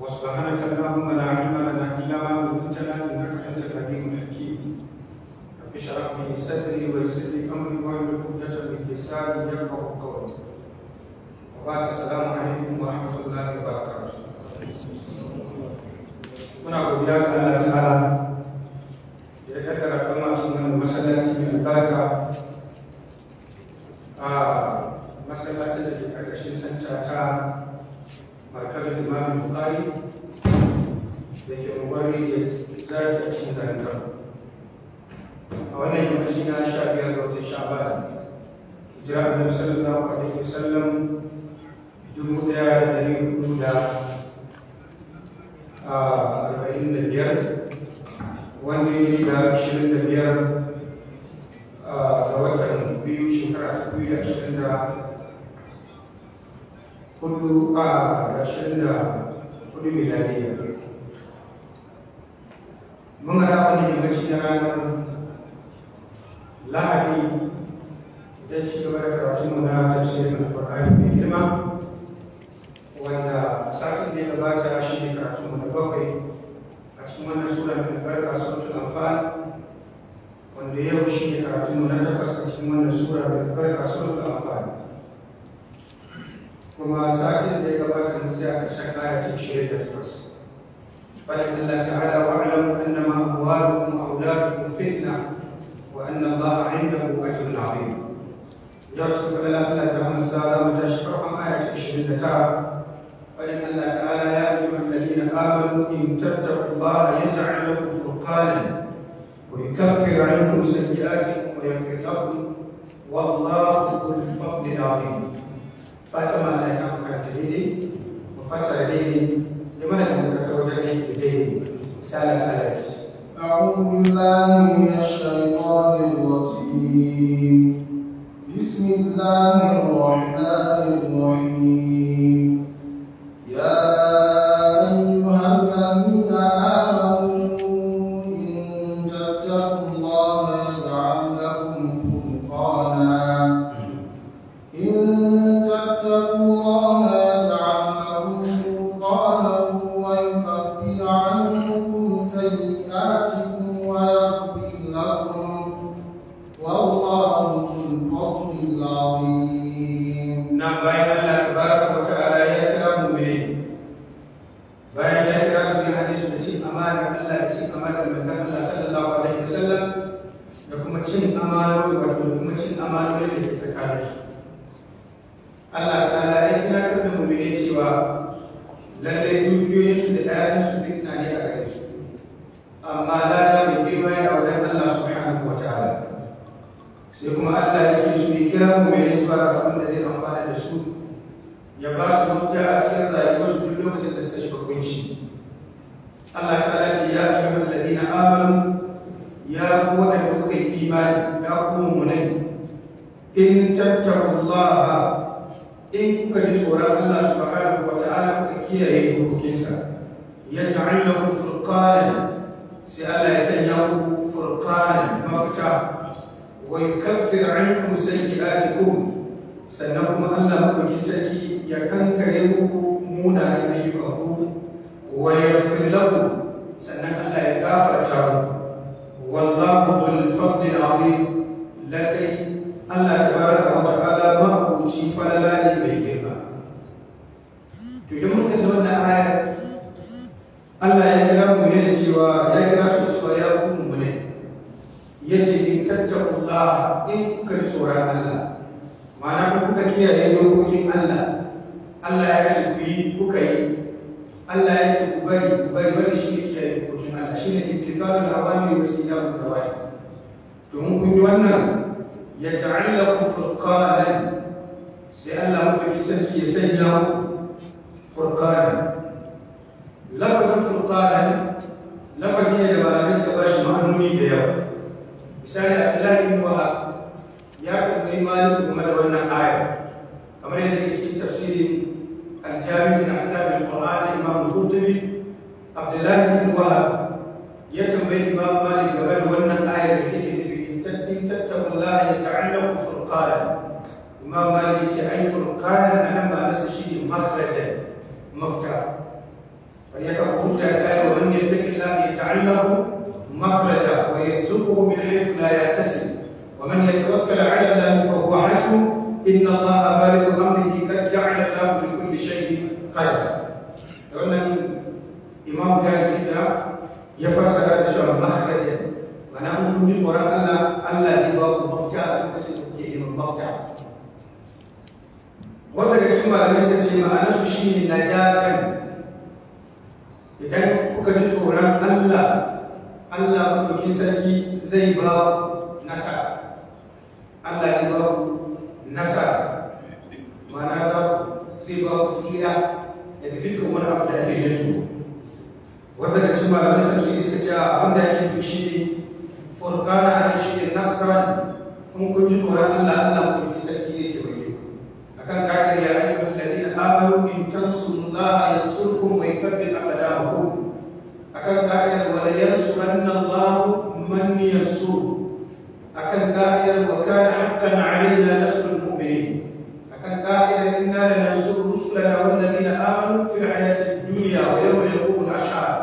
وسبحانك اللهم لا علم لنا إلا ما علمتنا إنك أنت العليم الحكيم رب اشرح لي صدري ويسر لي أمري واحلل عقدة من لساني يفقه قولي وبعد السلام عليكم ورحمة الله وبركاته muna godiya ga Allah ta'ala da ya kaddara kama cikin masallaci mai albarka a masallacin da ke karkashin santa ta kakar imam bukari da ke unguwar rijiyar zai a cikin garin a wannan yammaci na sha biyar ga watan sallallahu alaihi wasallam dubu daya da dari arba'in da biyar wanda ya da ashirin da biyar ga watan biyu shekara ta biyu da da hudu a ah, ƙarshen da hudu miladiya mun haɗa wani yammaci na ranar lahadi da ci gaba da karatunmu na tafsirin alƙur'ani mai girma wanda satin da ya gabata shi ne mu na bakwai a cikin wannan sura mai albarka sautul amfani. wanda yau shi ne mu na takwas a cikin wannan sura mai albarka sautul amfani. وما satin da ya gabata mun tsaya ƙarshen aya ta 28 الله تعالى واعلموا انما اموالكم واولادكم فتنه وان الله عنده اجر عظيم يصف لنا الله تعالى السلام تشكرهم آية 29 فإن الله تعالى يا أيها الذين آمنوا إن تتقوا الله يجعل لكم فرقانا ويكفر عنكم سيئاتكم ويغفر لكم والله ذو الفضل العظيم fatan ma Allah ya samu karanta daidai mu fassara daidai da mana da muka kawo jami'i da daidai misali ta Allah ce أعوذ بالله من الشيطان الرجيم بسم الله الرحمن الرحيم sai kuma Allah ya yi su ne kira mu mai zuwa ga abin da zai amfana da su ya ba su mafita a cikin rayuwarsu duk lokacin da suka shiga kunci Allah ta ce ya ayyuhal ladina amanu ya ku waɗanda kuka yi imani ya ku in tattaqullaha in kuka ji tsoron Allah subhanahu wa ta'ala kuka kiyaye dokokinsa ya ja'al lakum furqanan sai Allah ya sanya ku furqanan mafita wa yukaffir ankum sayyi'atikum sannan kuma Allah madaukin sarki ya kankare muku munanan ayyukan ku wa yaghfir lakum sannan Allah ya gafarta ku wallahu dhul fadli azim lakai Allah tabaraka wa ta'ala ma kuci falala ne mai girma to da mun kalli wannan ayar Allah ya kira mu ne da cewa ya kuma ne yace tattaqullah in kuka ji tsoron Allah ma'ana kuka kiyaye dokokin Allah Allah ya ce ku yi kuka yi Allah ya ce ku bari ku bari shi ne kiyaye dokokin Allah shine ittifaqul awamir wa istijabul nawajib to mun kun yi wannan ya ta'allaku furqanan sai Allah muka ki sarki ya sanya furqanan lafazin furqanan lafazi ne da ba a riska ba shi ma'anoni da yawa misali abdullahi bin wahab ya tambayi malik game da wannan aya kamar yadda yake cikin tafsirin aljami da ahkamul qur'an da imam qurtubi abdullahi bin wahab ya tambayi imam malik game da wannan ayar da take nufi in tattaqullaha yata'allamu furqana imam malik ya ce ai furqana anan ba nasa shi ne makhrajan mafta wani ya kafa hujja da ayar wanda ya taƙi Allah ya ta'allahu مخرجا ويرزقه من حيث لا يحتسب ومن يتوكل على الله فهو حسبه إن الله بالغ أمره قد جعل الله لكل شيء قدرا wannan imam ta ya fassara da cewa makharaja mana an kun ji tsoron Allah Allah zai ba ku a lokacin da kuke neman mafita wanda daga cikin malamai suka ce ma'anarsu shine najatan idan kuka ji tsoron Allah Allah maɗaukin sarki zai ba nasara Allah zai ba nasara ku, zai ba ku tsira daga dukkan wani abu da ake yin tsoro wanda da cin malamai ce iska ce abin da yi nufi shi ne furkana da shi ne nasarar kun kun ji tsoron Allah Allah ku sarki zai ce bai akan ka'idar ya ayyuhal na amanu in tansurullaha yansurkum mai yuthabbit aqdamakum akan ka'idar wa la yansuranna Allah man yansuru akan ka'idar wa kana haqqan 'alaina nasrul mu'minin akan ka'idar inna lanansuru rusulana wal ladina amanu fil hayatid dunya wa yawma yaqumul ashhad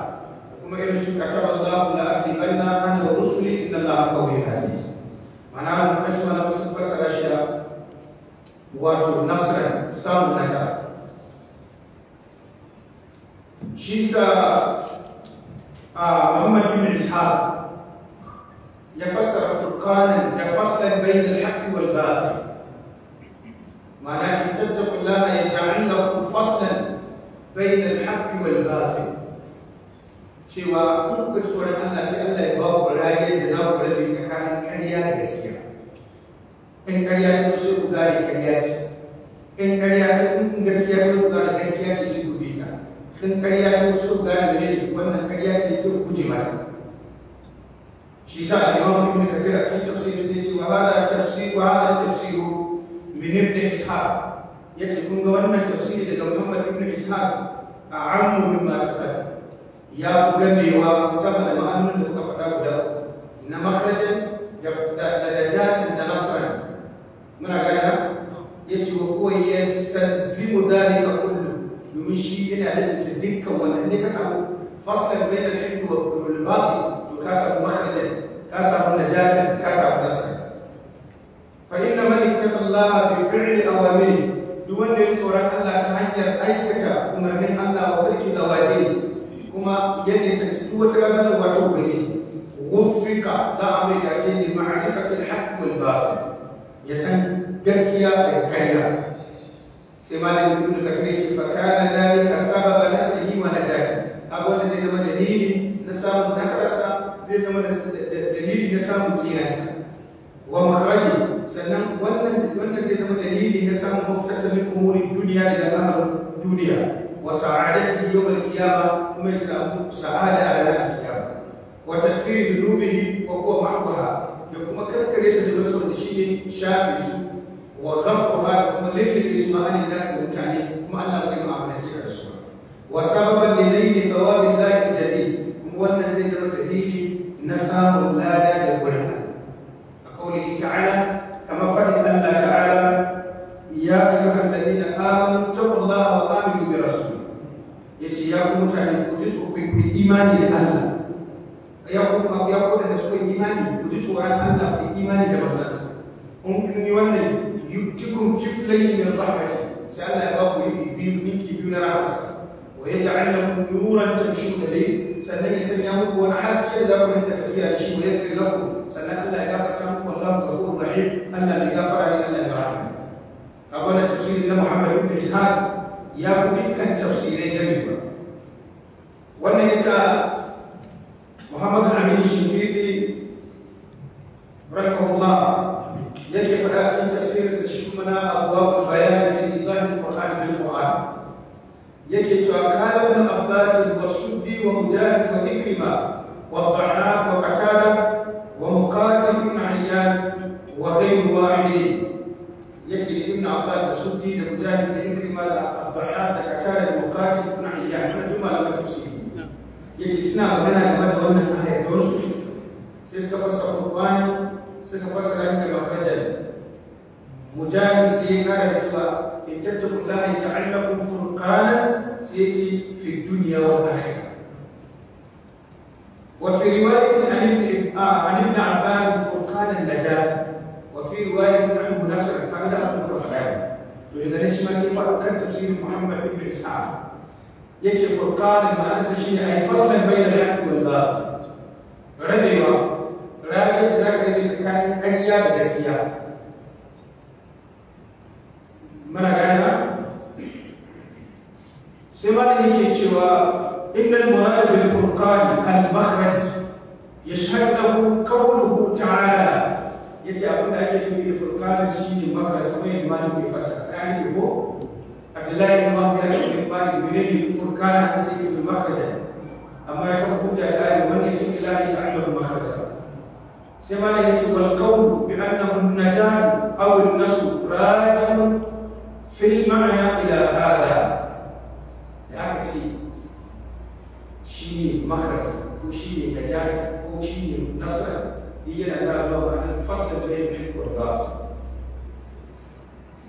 kuma irin su kataba Allah la aghlibanna ana wa rusuli inna Allah qawiyyun aziz mana mun kashi mana musu fasara shi da wato nasra samun nasara shi sa آه، محمد بن إسحاق يفسر فرقانا فصلا بين الحق والباطل ولكن تتق الله يجعل لكم فصلا بين الحق والباطل سوى كل كسورة أن سأل الله يبقى ولكن جزاو بلبي إن كريا يسيا إن كريا سيسيب ذلك كريا إن كريا سيسيب ذلك كريا سيسيب sun karya ce wasu gane da dalili wannan karya ce su guje mata shi sa imam ibn kathir a cikin tafsiri sai ce wa hada tafsir wa hada tafsir min ibn ishaq yace kun ga wannan tafsiri daga muhammad ibn ishaq a ammu min ma taqad ya buga gamewa sama da ma'anun da kuka faɗa guda na makhrajin da dajatin da nasran muna gani ya ce wa koyi ya tanzimu dalika domin shi yana lissafi dukkan wannan ne ka samu faslan bayan da hikmi wa al-baqi to ka samu makhrajan ka samu najatan ka samu nasara fa inna man ittaqa Allah bi fi'li awamiri duk wanda ya tsoron Allah ta hanyar aikata umarnin Allah wa tarki zawaji kuma ya nisanci duk wata razanarwa ta ubangiji وفق ضامن يأتي لمعرفة ya san gaskiya قسكيا karya. sai malam ibnu kafir yace fa kana dalika sababa nasrihi wa najati abu wanda zai zama dalili na samun nasararsa zai zama dalili na samun tsirarsa wa makhraji sannan wannan wannan zai zama dalili na samun muftasal min umuri dunya daga al'amarin duniya wa sa'adati yawm al-qiyama kuma ya samu sa'ada a ranar kiyama wa tafiri dunubihi wa huwa ma'aha da kuma karkare ta da wasu shi ne shafi su wa khafuha da kuma lillibi su ma an nasu mutane kuma Allah zai mu'amalace ka da su wa sababan li nayli thawabin lahi jazil kuma wannan zai zama dalili na samun lada da gurin Allah a kaulihi ta'ala kama faɗin Allah ta'ala ya ayyuhan ladina amanu taqullaha wa aminu bi rasul yace ya ku mutane ku ji ku yi imani da Allah ya ku ya ku da su ku imani ku ji tsoron Allah ku imani da manzansa kun kun yi wannan yu'tikum kiflayn min rahmati sai Allah ya ba ku yake biyu ninki biyu na rahmatsa wa yaj'al lakum nuran tamshuna bihi sannan ya sanya wani haske da za ku rinka tafiya da shi wa yaghfir lakum sannan Allah ya gafarta muku wallahu ghafurur rahim Allah mai gafara ne Allah ya rahama kaga wannan tafsirin na tafsirai gani ba wannan yasa Muhammad Amin Shinkiti يجب على في تفسير تشكمنا أبواب البيان في إيضاح القرآن بالقرآن يجي قال ابن عباس والسدي ومجاهد وإكرمة والضحاك وقتالة ومقاتل بن عيان وغير واحد يجي ابن عباس والسدي ومجاهد وإكرمة الضحاك وقتالة ومقاتل بن عيان ثم لم تفسير يجي سنة وغنى لما دولنا آية دونسوس سيسكبر سبب سنفسر عندما مجل مجال سينا يتبع إن تتقوا الله يجعل لكم فرقانا سيتي في الدنيا والآخرة وفي رواية عن ابن آه، عن ابن عباس فرقان النجاة وفي رواية عنه نصر هذا أخذ الخير فإذا ليش ما سيبقى كان تفسير محمد بن إسحاق يجي فرقان المعنى شيء أي فصلا بين الحق والباطل ربيعه babu yadda za ka rabe tsakanin ƙarya da gaskiya muna gane ha sai malam yake cewa innal murada bil furqan al makhraj yashhad lahu qawluhu ta'ala yace abin da ake nufi da furqan shine makhraj kamar yadda malam ke fasara ayani ko Abdullahi ibn Wahab ya ce bin Malik menene furqan sai ce bil makhraj amma ya kafa hujja da ayani wanda ya ce la ta'lamu makhraja سمعنا يجب القول بأنه النجاة أو النصر راجع في المعنى إلى هذا يعني شيء مخرج وشيء نجاة وشيء نصر هي نجاة عن الفصل بين الحق والباطل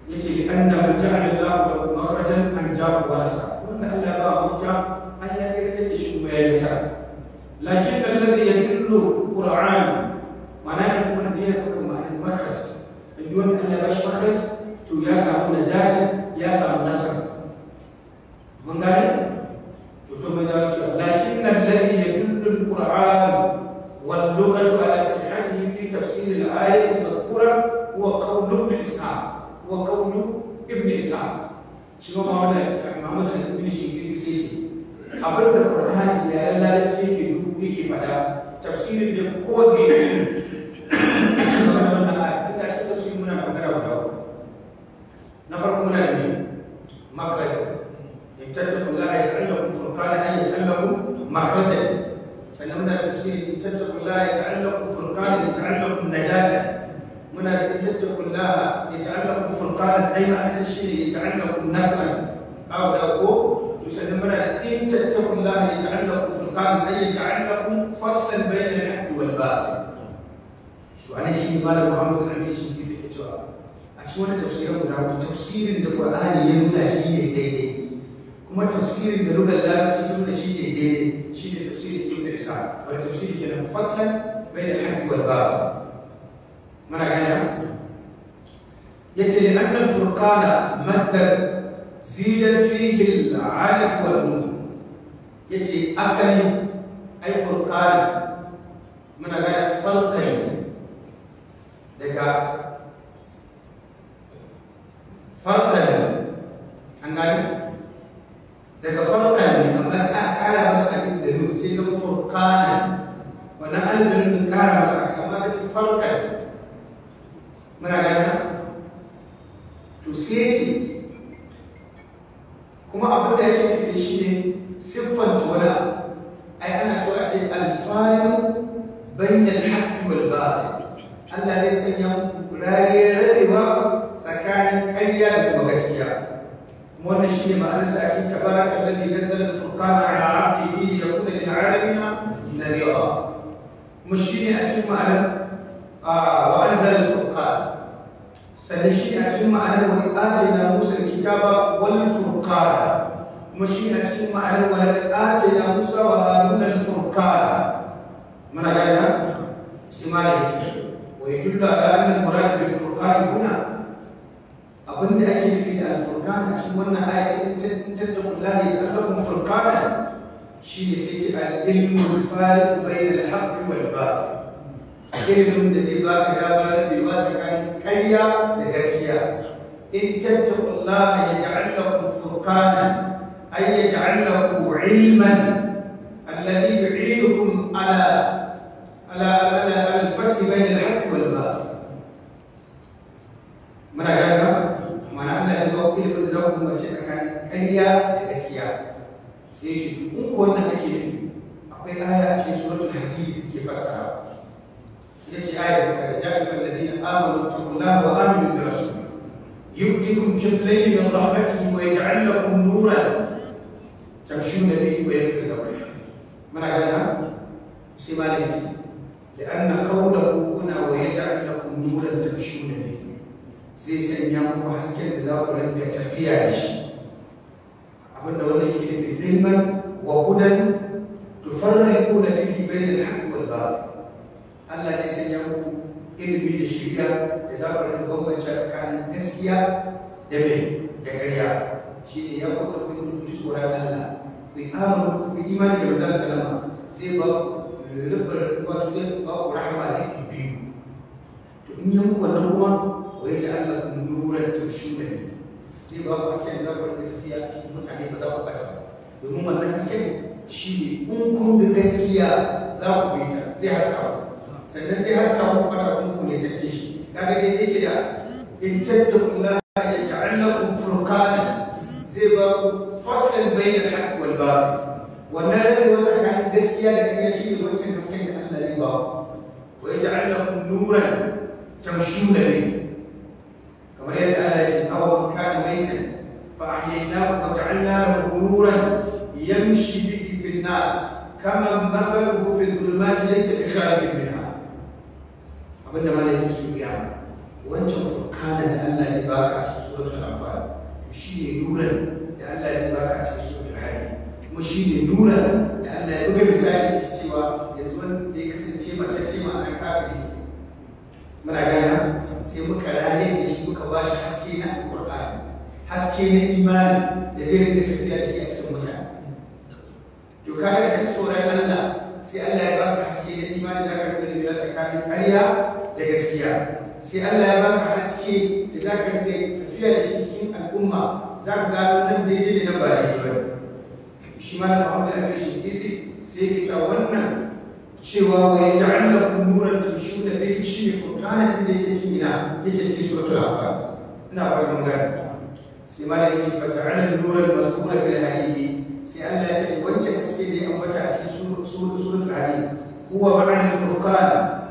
يجي لأنه جعل الله له مخرجا أن جاب ونسى وأن الله ما مخرج أن يتجلس ما يسعى لكن الذي يدل القرآن ma'ana da kuma da yana ɗaukar ma'anar makaras in ji wanda Allah ya bashi makaras to ya samu najata ya samu nasara mun gane to sun bai dawo cewa lakin nan lalli ya dullu qur'an wal lughatu ala sihhatihi fi tafsir al ayati madhkura huwa qawlu ibn ishaq huwa qawlu ibn ishaq shi ma wannan Muhammad ibn Shakir sai ce abin da Qur'ani ya lalace ke dubu yake fada tafsirin da kowa ke yi. مخرجا اتقوا الله يجعل لكم فرقانا يجعل لكم مخرجا sannan muna da tafsiri ittaqullaha yaj'al lakum furqanan yaj'al lakum najata muna da ittaqullaha yaj'al lakum furqanan ay ma asashiri yaj'al lakum nasran aw da ko to sannan muna da ittaqullaha yaj'al lakum furqanan ay yaj'al lakum faslan bayna al-haqqi wal batil shi malam cewa a cikin wani tafsirin guda uku tafsirin da qur'ani ya nuna shi ne daidai kuma tafsirin da lugar larabci ta nuna shi ne daidai shi ne tafsirin ibn isa wani tafsiri kenan faslan bai da haƙƙi wal batil mana gane yace لأن الفرقان مصدر زيد فيه العالف والنون يجي أصلي أي فرقان من غير فرقين دكا farkan an gane daga farkan ne amma sai a kara masa alif da nun sai zama furqana wannan alif da nun kara masa aka amma sai farkan muna gane to sai ce kuma abin da yake nufi shi ne siffanta a ce alfarin bainal haqqi Allah zai sanya rariyar rariyar ƙarya da kuma gaskiya wannan shi ne ma'anarsa a cikin tabarak alladhi nazzala al-furqana ala 'abdihi liyakuna lil-'alamina nadhira kuma shi ne a cikin ma'anar wa anzala al-furqan sannan shi ne a cikin ma'anar wa atayna musa al-kitaba wal furqana kuma shi ne a cikin ma'anar wa atayna musa wa haruna al-furqana muna gani na sai malam ya ce wa yadullu ala anna al-murad bil-furqan huna abin da ake nufi da alfurkan a cikin wannan aya ta tattakun lahi ta allakun furkana shi ne sai ce al'ilmul fariq bayna al-haqqi wal batil ilimin da zai baka damar da ba tsakanin karya da gaskiya in tattakun lahi ya ta'allaku furkana ay ya ta'allaku ilman alladhi yu'idukum ala على على الفصل بين الحق والباطل. من أجل za ku mace tsakanin ƙarya da gaskiya sai ya ce in ko wannan ake nufi akwai aya ce cikin suratul hadid take fassara ita ce aya da kare ya ayyuhal ladina amanu taqullaha wa aminu bi rasul yu'tikum kiflayn min rahmatihi wa yaj'al lakum nuran tamshuna bihi wa yaghfir lakum muna gana sai malami ce لأن قوله هنا ويجعل لكم نورا تمشون به zai ya kuma hasken da za ku rinka tafiya da shi abinda wannan ke nufi ilman wa hudan tufarriqu da bihi bai da wal batil Allah zai sanya muku ilimi da shirya da za ku rinka bambance tsakanin gaskiya da mai da ƙarya ne ya kuka kun mutu tsoron Allah ku amanu ku imani da manzon salama sai ba rubar wato zai ba ku rahama da biyu to in yi muku wannan kuma wa ya ja'al lakum nuran tumshuna bihi zai ba ku hasken da ku rinka tafiya cikin mutane ba za ku bata ba domin wannan hasken shi ne in kun bi gaskiya za ku bi ta zai haska ku sannan zai haska ku bata kun ku ne sace shi kaga dai yake da in tattaqullaha ya ja'al lakum furqana zai ba ku faslan bainal haqqi wal batil wannan rabi wata tsakanin gaskiya da ƙarya shi ne wancan hasken da Allah ya ba ku wa ya ja'al nuran tamshuna bihi وليت آية أو كان ميتا فأحييناه وجعلنا له نورا يمشي به في الناس كما مثله في الظلمات ليس بخارج منها أبدا ما لم يكن قياما وأنت قال أن الله يبارك في سورة الأنفال يمشي نورا لأن الله يبارك في سورة الحي. يمشي نورا لأن يبقى بسائل الاستواء يتمنى ليكسر تيمة تيمة أنا كافي سورة الحي. sai muka raye da shi muka ba shi haske na alƙur'ani haske na imani da zai rinka tafiya da shi a cikin mutane to ka ga da tsoron Allah sai Allah ya ba ka haske na imani da ka rinka biya tsakanin ƙarya da gaskiya sai Allah ya ba ka haske da za ka rinka tafiya da shi cikin al'umma za ka gano nan daidai da nan ba daidai ba shi ma da Muhammad Al-Bashir sai ya ce wannan cewa wa ya ja'al lakum nuran tumshuna bihi shi ne furqanan da yake cikin ina yake cikin suratul anfal ina ba ta mun gane sai ma da yake fa ja'al nuran mazkura fil hadith sai Allah ya sani wancan haske da ya ambata a cikin suratul hadith huwa ma'an furqan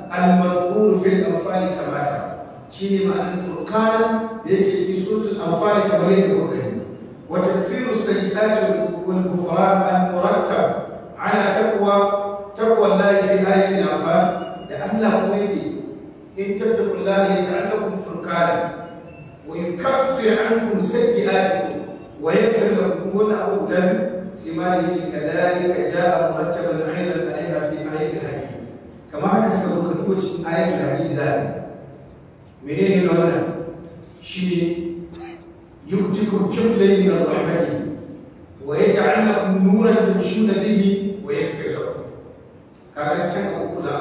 al mazkur fil anfal kama ta shi ne ma'an furqan da yake cikin suratul anfal kamar yadda kuka yi wa takfiru sayyi'ati wal kufran al murattab ala taqwa taqwa Allah fi ayatil anfal da Allah kuma yace in tattaku Allah yaj'al lakum furqana wa yukaffir ankum sayyi'atikum wa yaghfir lakum wa abu dan yace kadalika ja'a murattaban aydan alaiha fi ayatil hakim kama haka suka rubuta duk cikin da hadid da menene ne wannan shine yuktikum kiflayn min rahmatihi ويجعل لكم نورا تمشون به ويغفر kaga can abu za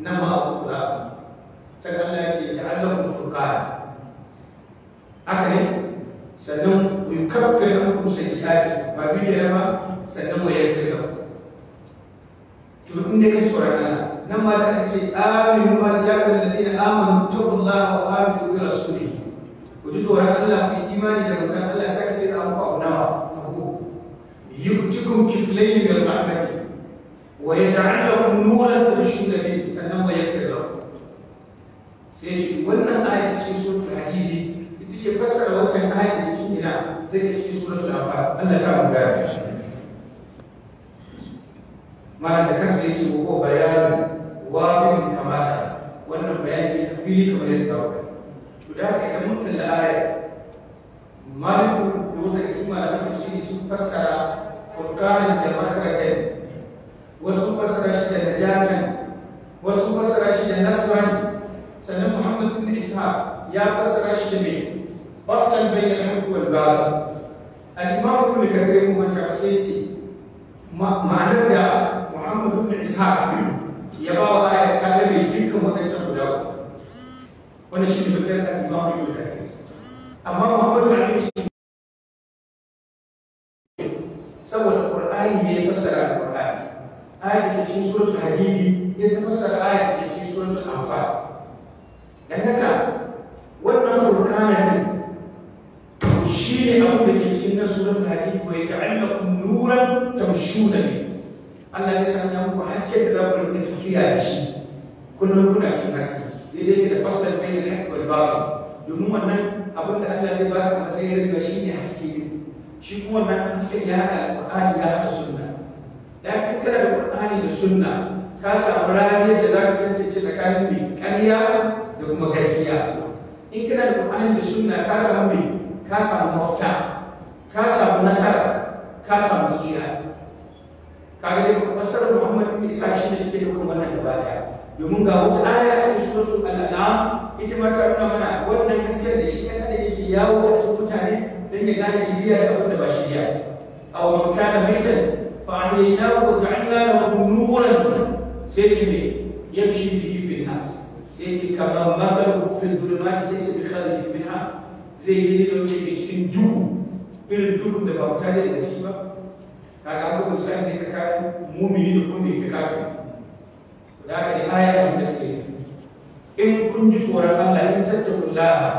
nan ma abu za a can Allah ya ce ja'allahu furqana haka ne sannan ku kaffir ankum sayyi'ati ba bidiya ba sannan wa yaghfir lakum to da kai tsoron Allah nan ma da aka ce aminu ma ya ga ladina amanu taqullaha wa aminu bi rasulihi ku ji tsoron Allah ku imani da manzon Allah sai ka ce da abu nawa abu yubtikum kiflayn bil rahmati ويجعل لكم نورا تمشون به sannan wa yaghfir سيجي sai ce wannan ayat ce suratul hadid ita ce fassara wancan ayat da cikin ina take cikin suratul anfal Allah ya mu gane malam da kansa yace ko bayani kamata wannan bayani ne fili kamar yadda ka to da haka idan mun kalla ayat da wata cikin tafsiri sun fassara da wasu fassara shi da najatan wasu fassara shi da nasran sannan muhammad bin Isha ya fassara shi da mai faslan bayyana hakku wal batil al-imam ibn kathir mun ta sai ma'anar da muhammad bin Isha ya ba wa aya ta gabe dukkan ta guda wani shi ne fassarar al-imam ibn kathir amma muhammad bin ishaq saboda qur'ani ne fassara qur'ani ayat da cikin suratul hadidi ya ta fassara ayat da ke cikin suratul anfal dan haka wannan furqanin ne shi ne abu da ke cikin nan suratul hadidi ya yaj'alukum nuran tamshuna bi Allah ya sanya muku haske da zaku rinka tafiya da shi kullum kuna cikin haske daidai ke da fassara bayin al-haqq wal batil domin wannan abin da Allah zai baka matsayin rinka shi ne haske ne. shi kuma wannan hasken ya haɗa al-Qur'ani ya haɗa sunna da ka kira da Qur'ani da sunna ka samu rani da za ka cancanci tsakanin mai ƙarya da kuma gaskiya in kira da Qur'ani da sunna ka samu mai ka samu mafita ka samu nasara ka samu tsira kaga dai masarar Muhammad ibn Isa shi ne cikin kuma wannan gaba daya domin ga wata aya cikin suratul al ita ma ta nuna mana wannan gaskiyar da shi ya kada yake yawo a cikin mutane don ya gane shiriya da abin da ba shiriya a wani kana maitan فهديناه وجعلنا له نورا سيتي يمشي به في الناس سيتي كما مثله في الظلمات ليس بخارج منها زي اللي يمشي يشتم جو irin dukkan da ta daga ciki ba kaga an gudu sai ne tsakanin mumini da kuma mai kafin da aka yi aya abin da suke in kun ji tsoron Allah in tattakullaha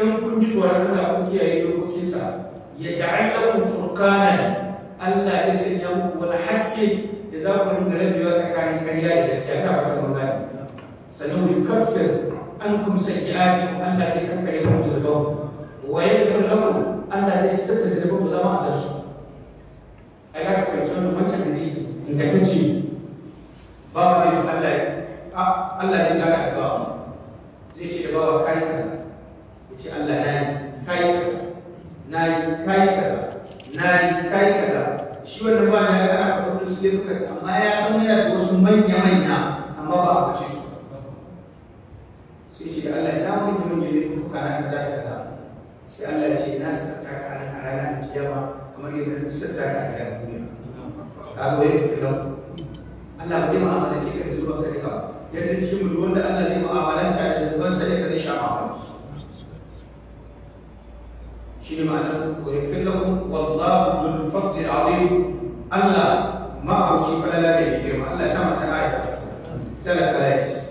in kun ji kiyaye ya ja'al lakum furqanan Allah zai sanya muku wani haske da za ku rinka rabewa tsakanin ƙarya da gaskiya ta wata mun gani sannan mu kaffir an kum sayyi'ati Allah zai kankare muku zulubau wa yaghfir lakum Allah zai sitta zulubau zama a dasu ai ka fahimci wannan wancan hadisi ingantacce ba zai Allah Allah zai gana da bawa zai ce da bawa kai kaza ya ce Allah na yi kai na yi kai kaza na yi kai kaza shi wannan ba na yana faɗin wasu laifukansa amma ya san yana da wasu manya-manya amma ba a bace su sai ce Allah ina manya manya laifuka na kaza da kaza sai Allah ya ce na sata ka a ranar kiyama kamar yadda na sata ka a ranar duniya ka ga wani filan Allah zai ma'amalance ka da zuwa ka duka yadda cikin mulki Allah zai ma'amalanta da zubansa da ka zai sha ma'amalansu شيل معنا ويغفر لكم والله ذو الفضل العظيم الا ما أوتي فلا لا يهيهم الا سمع الآية سنة ثلاث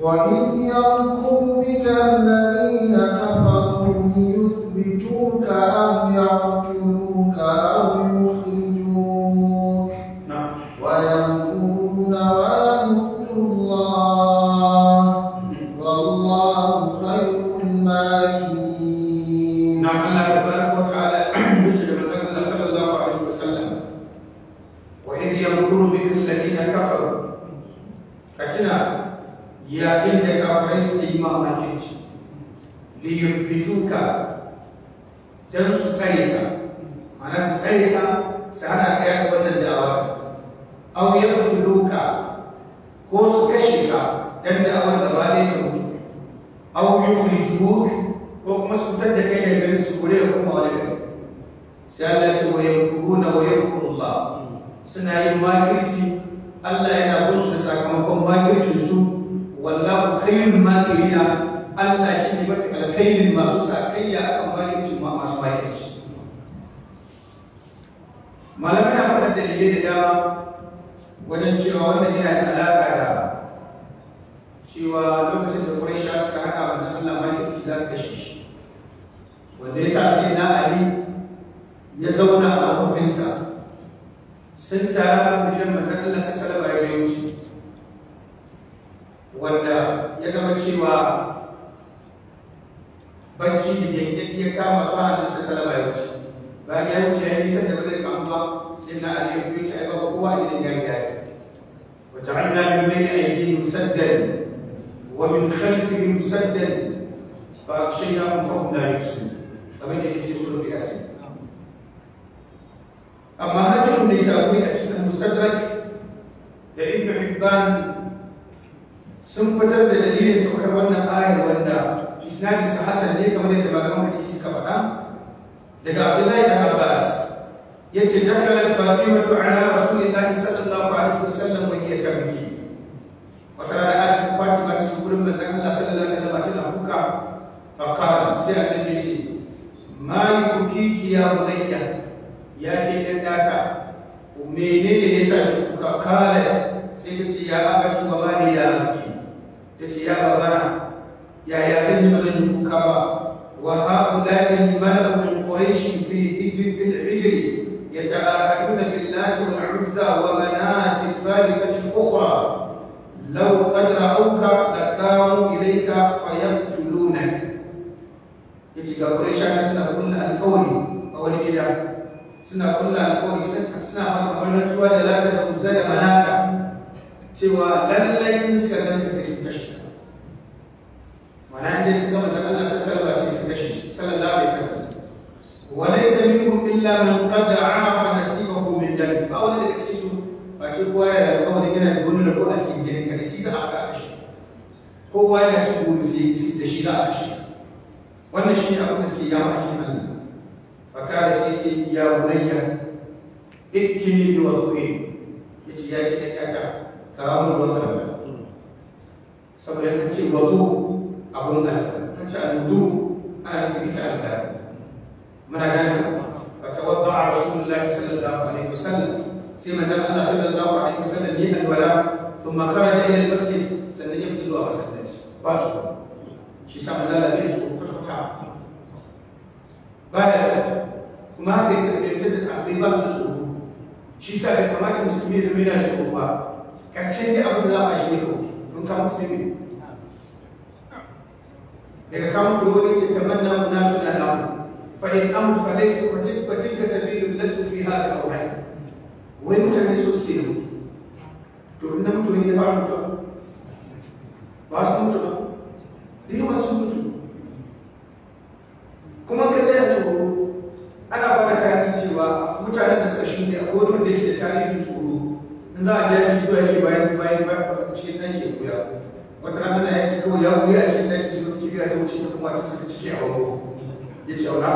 وإذ يركب بك الذين كفروا ليثبتوك أو يقتلوك أو malamai na faɗin dalilai da dama wajen cewa wannan yana da alaƙa da cewa lokacin da sha suka haɗa manzon Allah makirci za su kashe shi wanda ya sa su na Ali ya zauna a makofinsa sun tara a gidan manzon Allah ya yi wuce wanda ya zama cewa bacci da ya kama su a hannun salaba ya wuce bayan ya wuce ya yi nisan da ba zai kamu ba sai na ali ya fito ya baba kowa idan ya riga ta wata hanna min bai na aiki musaddan wa min khalfi musaddan fa shai na kuma kuma na yusu abin da ya ce sura fi asiri amma hajjin da ya shafi a cikin mustadrak da ibn hibban sun fitar da dalilin saukar wannan ayar wanda isnadinsa hasan ne kamar yadda malaman hadisi suka faɗa daga abdullahi da abbas ya ce dakalar fatimatu ala rasulillahi sallallahu alaihi wasallam wa hiya tabki wata rana ta fatima ta shigo gurin manzon Allah sallallahu alaihi wasallam tana kuka fa qala sai annabi ya ce ma yukiki ya bunayya ya ke ɗan data menene ya sa kuka kala sai ta ce ya abaci wa mali ya abki ta ce ya babana yaya zan yi ba zan yi kuka ba wa ha'ula'i mala'un قريش في الحجر يتعاهدون باللات والعزى ومناة الثالثة الأخرى لو قد رأوك لكانوا إليك فيقتلونك yace ga Qurayshawa suna kulla alkawari a wani gida suna kulla alkawari suna maka kamar rantsuwa da lata da kusa da manata cewa lallai in suka ganka sai su kashe mana inda suka gama ta Allah وليس منكم إلا من قد عرف نصيبه من ذلك فأولا الأسكيس فأتقوا على الأول هنا يقولون لكم أسكين جنين كان السيدة على أشياء هو يا تقول سيدة شيدة على أشياء وأن الشيء أقول أسكي يا مأشي فكار سيدي يا بني ائتني وضوئين يتي يا كده كاتا كرام الوضع saboda ka ce wazo abun da ka ce alwudu ana nufin ita muna gani fatawadda a rasulullahi sallallahu alaihi wasallam sai manzon Allah sallallahu alaihi wasallam yayin alwala thumma kharaja ila almasjid sannan ya fita zuwa masallaci ba su shi sa manzon Allah bai su kwata kwata ba ya kuma haka ya tabbatar da ba su tsoro shi bai kamata musulmi ya zama yana tsoro ba karshen dai abin da za a don daga فإن أمت فليس وتلك سبيل اللجم فيها الأوعية وين متعني سوسكي نموت to in na mutu ne ba mutu ba su mutu ba da yawa mutu kuma ka tsaya tsoro ana bada tarihi cewa mutane da suka shine a kodin da yake da tarihin tsoro in za a je yaki zuwa yake bayan bayan bayan cikin nan ke koya wata rana na yaki kawai ya koya a cikin nan ke cikin kibiya ta wuce ta kuma ta saka ciki a wani ya ce ya ce ya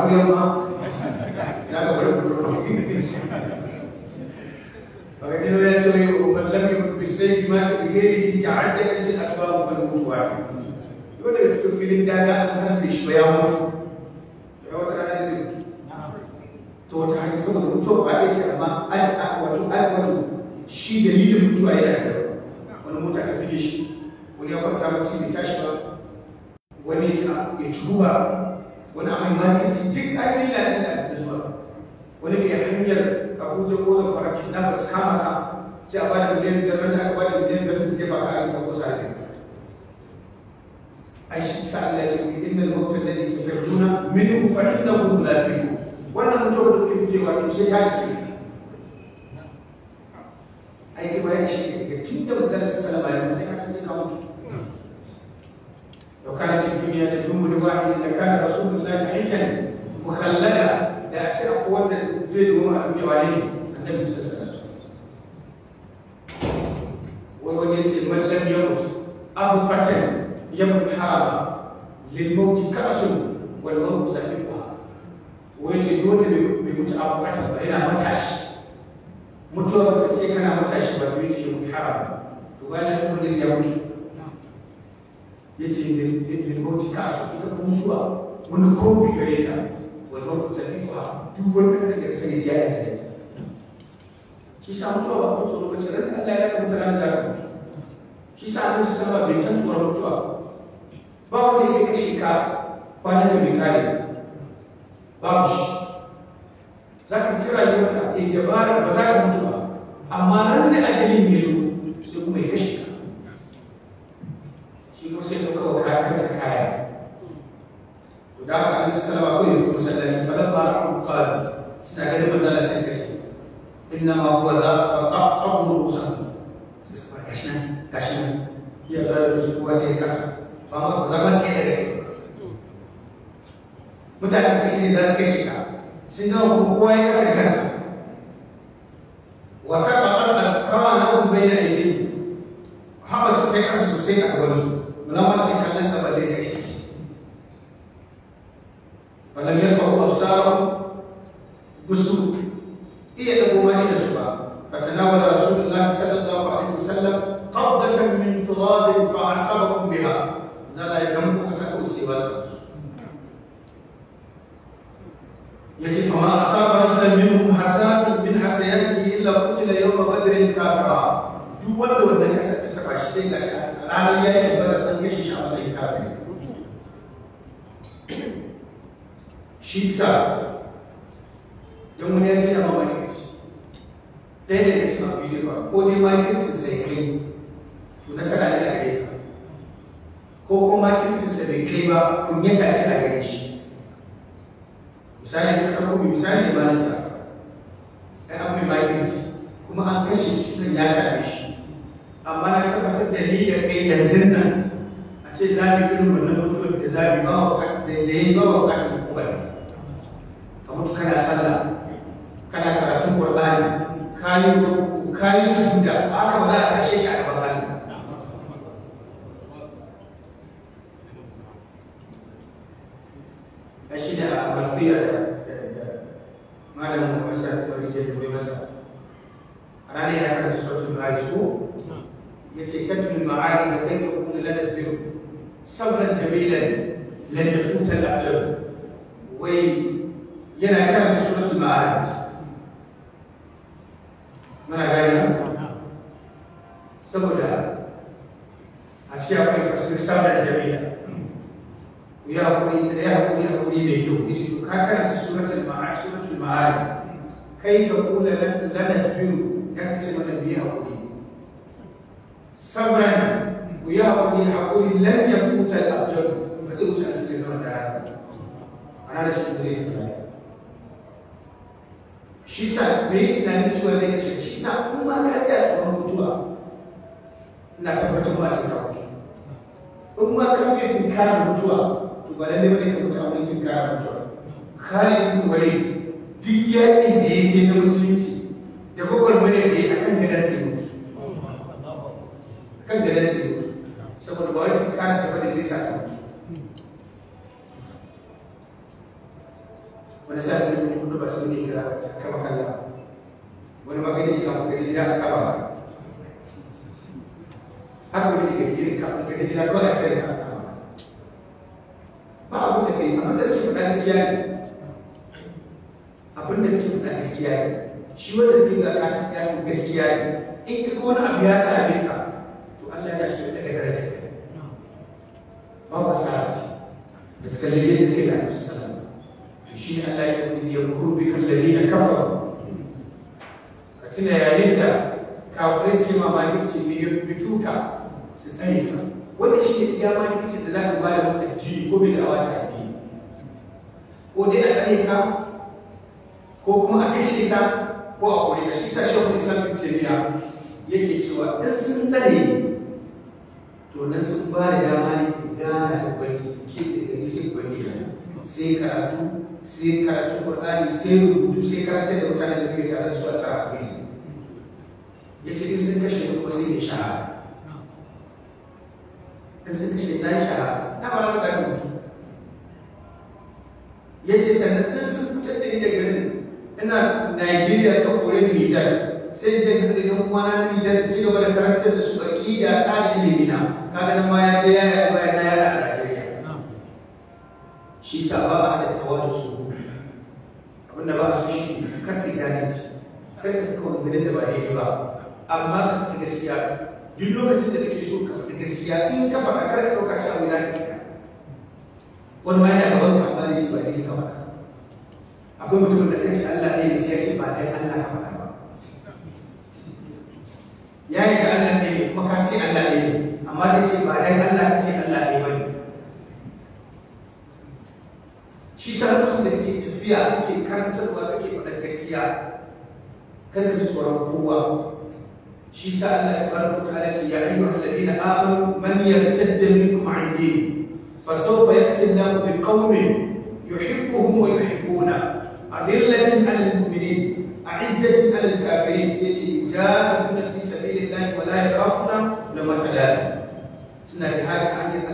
ce mai ubal lam yakun bi sayfi ma ta bi ya an mutu ya wata rana mutuwa yana da wani mota ta ba wani wani a mai markaci duk ainihin lalin da ta zuwa wani ke hanyar abuja ko zamfara kidnap su kama ka sai a ba da miliyan biyar wani aka ba da miliyan biyar da su jefa ka aika ko sa da a shi sa Allah ya ce inna al-mauta alladhi tafirruna minhu fa innahu mulaqiku wannan mutuwar da kuke gujewa to sai ya ce aiki bayan shi ga tun da manzon sallallahu alaihi wasallam ya san sai ka mutu لو كانت الدنيا تدوم لواحد لكان رسول الله حيا مخلدا لا أشرق ولا الجد وما أبني عليه النبي صلى الله عليه وسلم وهو يجي من لم يمت أبو فتن يبقى حرارة للموت كأس والموت زائقها ويجي دون بموت أبو فتن فإنها متعش mutuwar da sai kana matashi ba ta yi ce mun harama to bayan shi kun sai ya mutu ya ce lilmauti kasu ita kuma zuwa wani kofi gare ta wannan kusanni ba duk wani kan da sai ya yi gare ta shi sa mutuwa ba kuma tsoro bace ran Allah ya kamuta za ka mutu shi sa annabi sallallahu bai san tsoron mutuwa ba wani sai shi ka kwanan da mai kare za ka ci rayuwarka eh, ba za ka mutu ba amma nan da ajalin sai kuma ya kashe da aka alisa salama ko yanzu masallaci fa lamma ra'u qala suna ganin manzala sai suka ce inna ma huwa za fa qaqahu rusan sai suka fara gashi nan gashi nan ya fara da su kowa sai kasa ba ma ba za ma suke da kai mutane suka shi ne za su kashe ka sun gama kowa ya kasa kansa wa saqata al-qanun bayna aydihim haba sosai kasa sosai a gabansu ba za ma suke kallon sa balle sai فلم يرفعوا أبصارهم بسوء إيه أبو الى سوء فتناول رسول الله صلى الله عليه وسلم قبضة من تراب فعصبهم بها ذلا يتمك سكوا سواتهم يجب فما أصاب رجلا منهم حسنات من حسناته إلا قتل يوم بدر كافرا duk wanda انك ستتبع الشيء taba يجب ان gashi ranar yakin badar shi sa don ya ce mamaki ɗaya daga cikin abu ko sai kai na ne a gare ko kuma makircin sa bai kai ba kunyata ce a gare shi misali ta ɗauko misali abu mai kuma an kashe shi kisan ya shafe shi amma na tabbatar da ni da kai yanzu nan a ce zabi irin wannan mutuwar da zabi ba wa da yayi ba wa kuma ne farko kana sallah kana karatun qur'ani kayi kayi sujuda haka ba za ka kashe shi a gaban Allah kashi da marfiya da malamin Musa da Rijal bai masa ranar ya karanta sautin Buhari ko ya ce tattalin ma'ari da kai ta kuma lalas biyu sabran jamilan lam yafuta al-ajab wai يلا كم نعم. في سورة المعارج من أغاية سبجا أشياء في فصل السابع الجميلة ويا أبوي يا أبوي يا أبوي بيجو إذا تكاثر في سورة المعارج سورة المعارج كي تقول لا لا نسبيو يا كتير من أبوي أبوي سبرا ويا أبوي أبوي لن يفوت الأفضل بس أوصل في تلك الدار أنا لسه مدري فلان shi sa bai yi tunanin cewa zai kashe shi sa kun ma ka tsaya tsoron mutuwa ina tabbatar ba su kawo su in ma ka fiye tunkarar mutuwa to ba lallai bane ka mutu a wani tunkarar mutuwa Khalid ibn Walid duk yakin da ya je na musulunci da gwagwarmayar da ya akan gada sai mutu kan gada sai mutu saboda ba wai tunkarar ta bane zai sa ka mutu wani sa sai ne kudu ba ne kira kama wani magani a ba ke a kama ba da kai abin da gaskiya ne abin da gaskiya ne shi wanda ga gaskiya ne in ka wani abu ya same ka to Allah ya shi da daga darajar ka ba ba sa ce da suka lalle da suka yi da su shi Allah ya ce yamkuru bika alladhina kafaru ka tuna yayin da kafirai suke mamaki ce bi yubituka su sani ka Wani shi ne ya mamaki da za ka ba da addini ko bi da awata addini ko dai a tsare ka ko kuma a kashe ka ko a kore ka shi sa shehu islam ibn taymiya yake cewa dan sun tsare to nan sun ba da dama ne gana da ubangiji ke da gani sai ubangiji sai karatu sai karatun Qur'ani sai rubutu sai karatun da mutanen da muke tare da su a tsara hadisi ce in sun kashe kuma sai ya shahada in sun kashe na shahada ta fara za ka mutu Ya ce sannan in sun fitar da ni da garin ina Najeriya suka kore ni Nijar sai je ga da yan uwana na Nijar ci gaba da karatun da su aqida ta da ilimina kaga nan ma ya je ya yi ya ya shi sa ba a da kawo da tsoro abinda ba su shi kan ka zalunci kar ka fito ganganin da ba daidai ba amma ka faɗi gaskiya duk lokacin da kake so ka faɗi gaskiya in ka faɗa kar ka ɗauka ci abu zalunci ka wani ma yana gaban ka amma zai ba daidai ka faɗa akwai mutumin da kace Allah ɗaya ne sai ya ce ba dan Allah ka faɗa ba ya yi da Allah ɗaya ne kuma ka ce Allah ɗaya ne amma sai ce ba dan Allah ka ce Allah ɗaya ba ne shi sa lokacin da kake tafiya kake karantarwa kake faɗa gaskiya kar ka tsoron kowa shi sa Allah tabaraka ta'ala ce ya ayyuhal ladina amanu man yartadda minkum an dini fasawfa ya'ti Allahu biqaumin yuhibbuhum wa yuhibbuna adillatin 'alal mu'minin a'izzatin 'alal kafirin sai ce ja'aluna fi sabilillahi wa la yakhafuna lamata la'an suna da haka hanyar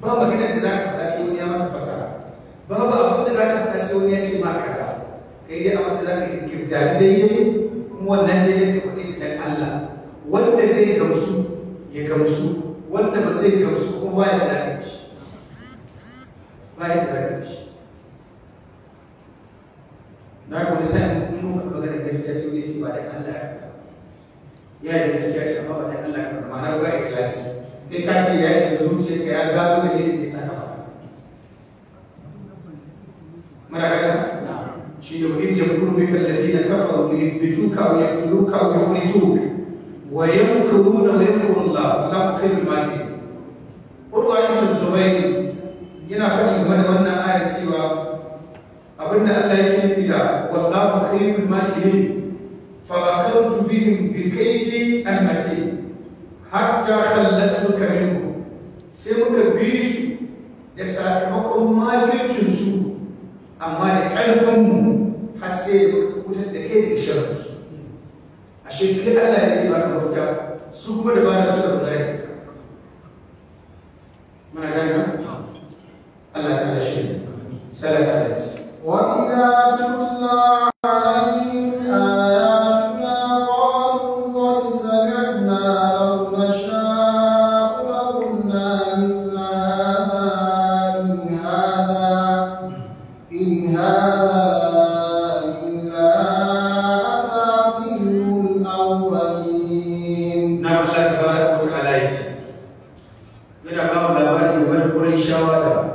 ba maganar da za ka faɗa sai wani ya mata fasara babu abin da za ka faɗa sai wani ya ce ma kaza kai dai abin da za ka kirkirta daidai kuma wannan daidai ka faɗi ta dan Allah wanda zai gamsu ya gamsu wanda ba zai gamsu kuma ya da shi ci ba ya da shi. ci na ga wani sa'in kuma mun faɗa maganar gaskiya sai wani ya ce ba da Allah ya faɗa ya yi gaskiya ce amma ba da Allah ya faɗa ma'ana ba ya ikilasi kai ka ya shiga zuciyarka ya gano da ne da sa ka faɗa muna gana shi ne wa'in ya kuru bika lalina kafaru ne bituka wa ya tuluka wa ya furituka wa ya mukuruna wa ya mukurula la khairul mali urwa ibn yana faɗi game da wannan ayar cewa abinda Allah yake nufi da wallahu khairul mali fa akartu bihim bi kaydin al-matin hatta khallastuka minhu sai muka bi su da sakamakon su, amma da ƙarfinmu har sai da kutar da kai daga su, a shekaru Allah ya zai baka bauta su kuma da bana suka ba da ita muna gani Allah ta da shi wa tutla ƙuraishawa da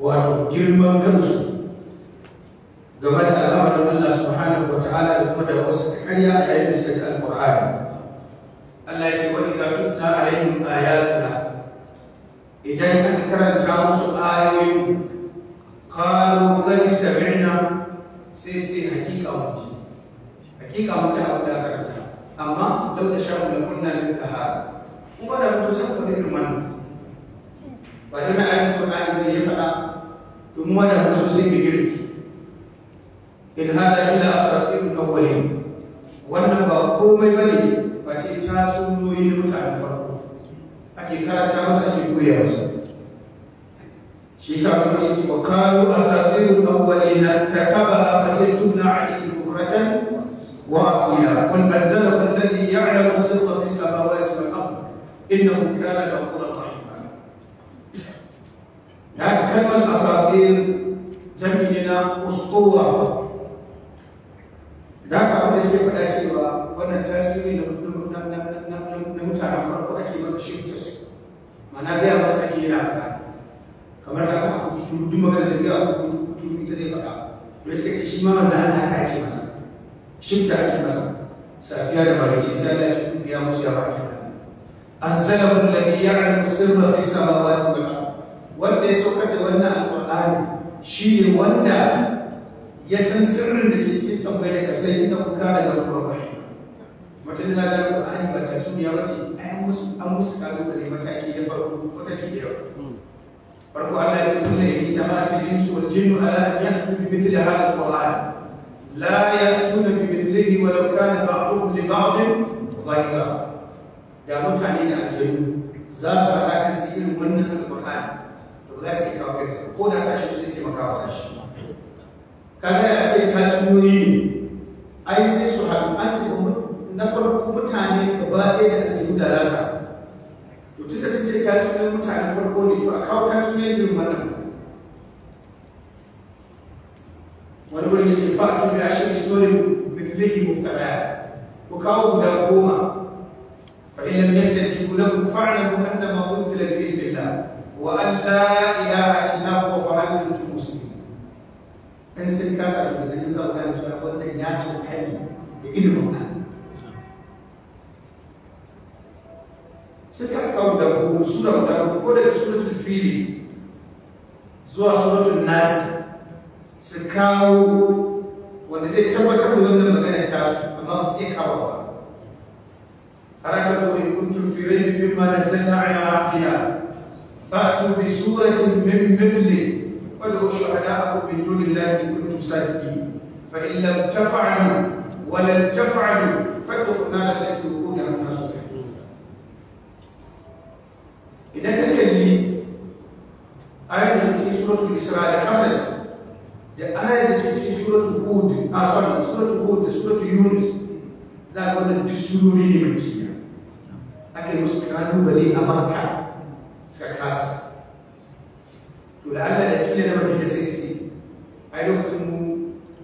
wato girman kansu game da al'amarin Allah subhanahu wa ta'ala da kuma da wasu ta karya a yayin da suka ji alƙur'ani Allah ya ce wa idza tutla ya ayatuna idan ka karanta musu ayoyin qalu qad sami'na sai su ce hakika mun ji hakika mun abin da karanta amma duk da sha'un da kunna mithla hada kuma da mun san kudin wannan وإنما علم القرآن الذي يقع ثم يخصص بجلد إن هذا إلا أساطير الأولين wannan ba komai bane ba ce ta tsunoyi na mutanen farko ake karanta masa ake koya masa shi sa wani ya ce wa kalu asatirul awwalina tatabaha fa yatuna alayhi bukratan وعصيا قل من زلق الذي يعلم السر في السماوات والارض انه كان غفورا رحيما da kalmar asafir jami'i ne na ustura da haka abin da suke faɗa cewa wannan tasiri ne na mutanen farko ake masa shiftas mana gaya masa ake yana faɗa kamar ka san abu duk magana da gaya abu kutu ita zai faɗa wani suka ce shi ma manzo Allah haka ake masa shifta ake masa safiya da maraice sai Allah ya ya musu ya faɗa anzalahu alladhi ya'lamu sirra fis samawati wal ardh wanda ya saukar da wannan alƙur'ani shi ne wanda ya san sirrin da ke cikin sammai da ƙasai inda kuka da gafuwar rahim mutum da zagar alƙur'ani ba ta tuniya ya ce an musu an musu kalubale mataki da farko mataki da yau farko Allah ya ce kullu in jama'atul insu wajen jinnu ala an ya'tu bi da hadha alqur'an la ya da bi mithlihi wa law kana ba'dhum li ba'dhin dhahira da mutane da aljannu za su haɗa kan su irin wannan alƙur'ani to za su iya kawo kansu ko da sashi ce tatsuniyoyi ne sai su haɗu an na farko mutane gaba ɗaya da aljanu da rasa to tunda sun ce tatsuniyoyin mutanen farko ne to a kawo tatsuniyoyin irin wannan wani wurin yake fa a tubi a shi istorin bifilihi muftabaya ku kawo guda goma fa ilan yastajibu lahu fa'lamu annama ursila bi ilmillah وأن لا إله إلا هو فهل أنتم مسلمون in sun kasa da gudanin zan gane cewa wannan ya so kai da ilimin Allah suka suka da gudu sura da ko da suratul fili zuwa suratul nas su kawo wanda zai tabbatar da wannan magana ta su amma ba su iya kawo ba har aka zo in فأتوا بسورة من مثله ودعوا شهداءكم من دون الله إن كنتم صادقين فإن لم تفعلوا ولن تفعلوا فاتقوا النار التي وقودها الناس والحجارة إذا كان لي آية التي سورة الإسراء القصص آية التي سورة هود آه سوري سورة هود سورة يونس ذاك ولا السوري المكية أكل مسكان بلي أمريكا suka kasa to da Allah da kila na mutum da sai su ai lokacin mu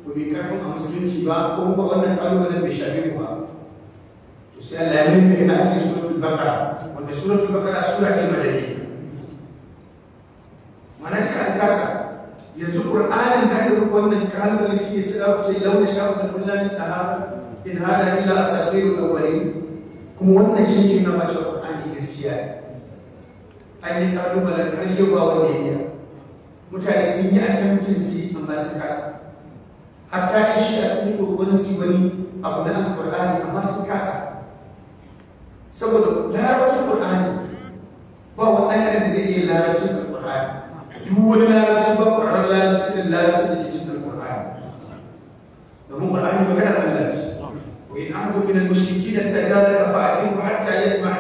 ku bi karfin a musulunci ba ko ba wannan kalubalen bai shafe ku ba to sai Allah ya mimmi ta cikin suratul bakara wanda suratul bakara sura ce madaniya mana cika an kasa yanzu qur'anin da ake rubuta wannan kalubale shi ne sai ku ce launa sha'u da ta mistaha in hada illa asatirul awwalin kuma wannan shi ne na mace qur'ani gaskiya an yi kalubalen har yau ba wani ya mutane sun yi mutum su yi amma sun kasa hatta in shi a sun kokarin su wani abu na alƙur'ani amma sun kasa saboda larabcin ƙur'ani ba wannan yanar da zai iya larabcin alƙur'ani duk wani larabci ba ƙwararren larabci da larabcin da ke cikin alƙur'ani domin ƙur'ani maganar Allah ce وإن أحد من المشركين فأتيه حتى يسمع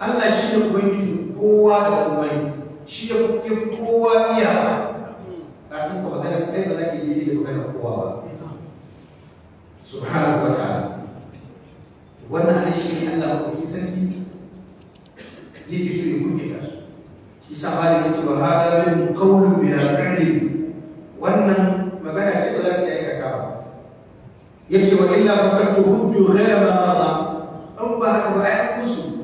Allah shi ne ubangiji kowa da komai shi ya fi kowa iya ba sun kuma magana su kai ba za ta yi da magana kowa ba subhanahu wa ta'ala wannan ne shi ne Allah mabukin sarki yake so ya kunyata su Isa sa malami ce ba hada min qawlin bila fi'li wannan magana ce ba za su yi aikata ba yace wa illa faqatu hujju ghayra ma qada in ba haka ba ai musu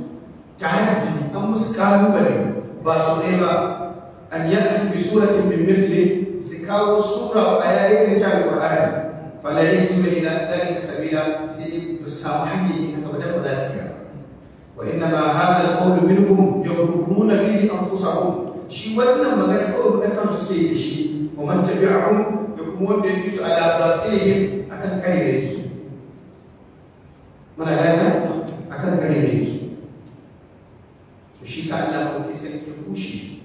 tahaddi an musu kalubale ba ne ba an yattu bi suratin min mithli su kawo sura a yayin ta alqur'ani fala yajiduna ila dhalika sabila sai su samu hanyar yin haka ba za su iya وإنما هذا القول منهم يضرون به أنفسهم Shi wannan magana kawai da kansu suke da shi wa man tabi'ahum da kuma wanda ya su ala batilihim akan kare su muna gane kare da su shi sa e Allah ko o sai ya kushe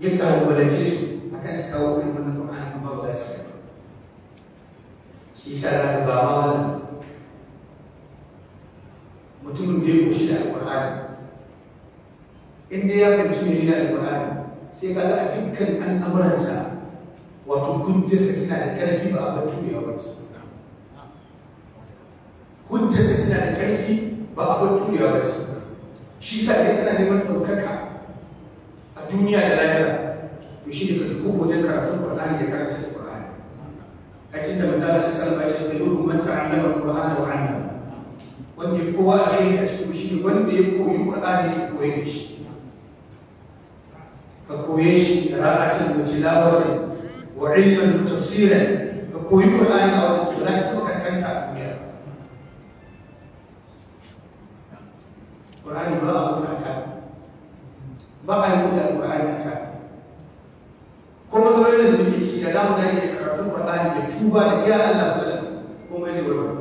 ya kalubalance su akan su kawo irin wannan Qur'ani kuma ba za su yi shi sa za ka ba ma wannan mutumin da ya da ya fahimci ne da qurani sai ka ga a dukkan al'amuransa wato hujjarsa tana da ƙarfi ba a bar tubewa ba hujjarsa tana da ƙarfi ba a bar tubewa ba shi sa idan kana neman ɗaukaka a duniya da lahira to shi ne ka wajen karatun Qur'ani da karanta Qur'ani a cikin da manzo su san alaihi cikin ya ce man ta'allama Qur'ana wa 'allama wanda ya kowa a kai a cikin shi ne wanda ya koyi Qur'ani ya koyi shi ka koye shi qira'atan wa tilawatan wa 'ilman wa tafsiran ka koyi Qur'ani a wannan Qur'ani ta kaskanta a duniya Qur'ani ba a musa ba a yi da ƙur'ani ta ko matsalolin da muke ciki da za mu dage da karatun Qur'ani da tuba da iya Allah musallam ko mai zai warware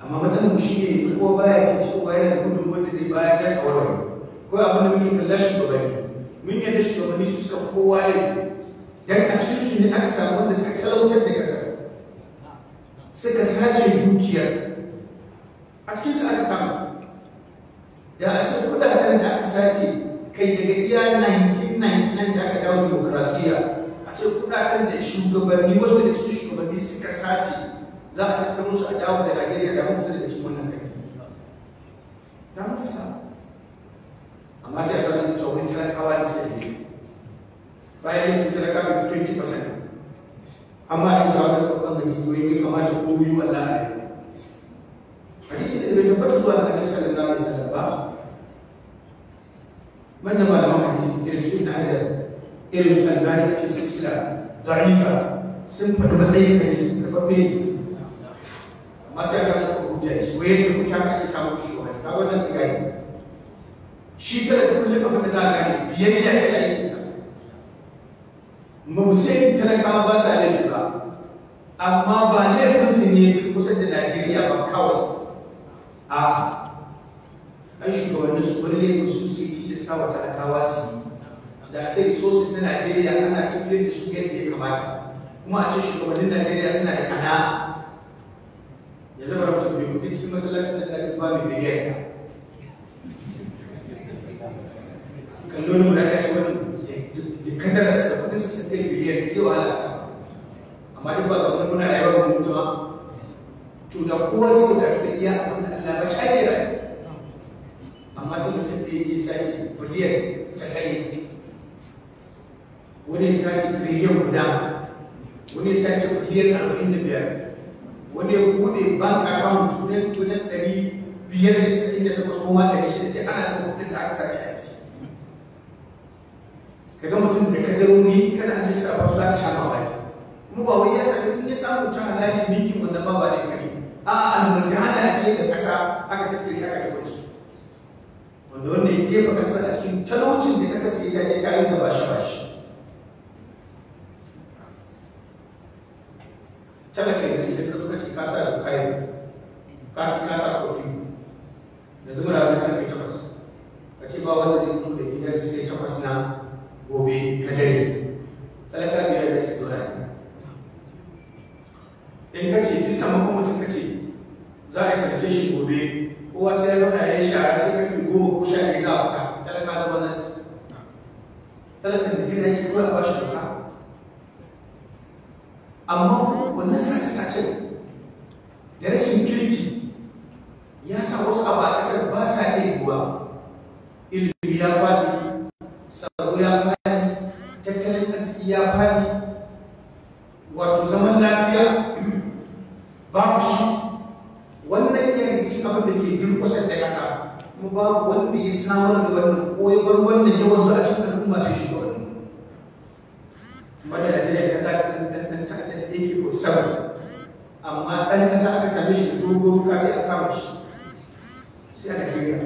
amma matsalar mu shi ne ko baya ta ko yana da gudun wanda zai bayar ta ƙawarware ko abin da muke kalla shugabanni mun yadda shugabanni su suka fi kowa laifi dan a cikin su ne aka samu wanda suka talautar da ƙasa suka sace dukiyar a cikin su aka samu da a cikin kudaden da aka sace kai daga iya 1999 da aka dawo demokratiya a ce kudaden da shugabanni wasu da cikin shugabanni suka sace za a tattaro su a dawo da najeriya da mun fita cikin wannan kai da mu fita amma sai a zama da tsohon talakawa da suka yi bayan yin talakawa da 20% amma a yi da wani babban da musulmi ne kamata ko yi wallahi hadisi da bai tabbata zuwa ga annabi sallallahu alaihi wasallam ba banda malaman hadisi irin su ibn hajar irin su albani a cikin silsila da'ifa sun faɗi matsayin hadisi da babbe ne amma sai aka zaka hujja da shi wayar da kuka ka isa muku shi wannan? ka wannan da gani shi tana da kullum abin da za a gane biyayya ce a yi sa mabusai talakawa ba sa laifi ba amma ba laifin su ne kusan da najeriya ba kawai a ai shugabannin su wani laifin su suke tilasta wa talakawa su yi da a ce resources na najeriya ana tafiyar da su yadda ya kamata kuma a ce shugabannin najeriya suna da kana ya zama rabta bai kuɗi cikin masallacin da ɗakin ba mai biliyan ɗaya kallo ne muna kaci wani da kadarsa da kuɗinsa sun kai biliyan da ke wahala sa amma duk ba ga wani muna rayuwar mutuwa to da kowa zai wadatu da iya abin da Allah ba shi ake rayu amma sun mutum ɗaya ke sashi biliyan casa'in wani sashi triliyan guda wani sashi biliyan arba'in da biyar wani ya buɗe bank account wajen wajen ɗari biyar da inda ta kusa kuma ɗari shida ana da kuɗin da aka sace a ciki ga mutum da kadarori kana ba su za ka sha mamaki kuma ba wai ya sami in ya samu ta halayen ninkin wanda ba ba da a ya ce da ƙasa aka tattare aka tafi su wanda wanda ya jefa kasa a cikin talaucin da kasa sai ta yi tare da bashi bashi talaka yanzu idan ka zuka ce ka sa da kayan ka ci ka sa kofi yanzu muna zai karfe takwas ka ce ba wanda zai fito da gidansa sai takwas na gobe na dare talaka biyar da sai saurari in ka ce jisa makamacin ka ce za a sarce shi gobe kowa sai ya zauna ya yi shara sai ka fi goma ko sha ɗaya za a fita talaka zama zai su talaka da jira yake kawai a shi doka amma wannan sace-sace da rashin kirki ya sa wasu abu a ƙasar ba sa iya yiwuwa ilimi ya faɗi sabo ya faɗi babu shi wannan yin cikin abin da ke jin kusan da kasa kuma babu wanda ya samar da wannan ko ya da wannan yawan zuwa cikin al'umma sai shi kawai wanda da jiya ka zaka ɗan ɗan ta da ke ko sama amma ɗan ƙasa aka same shi da dogon ruka sai a kama shi sai a jira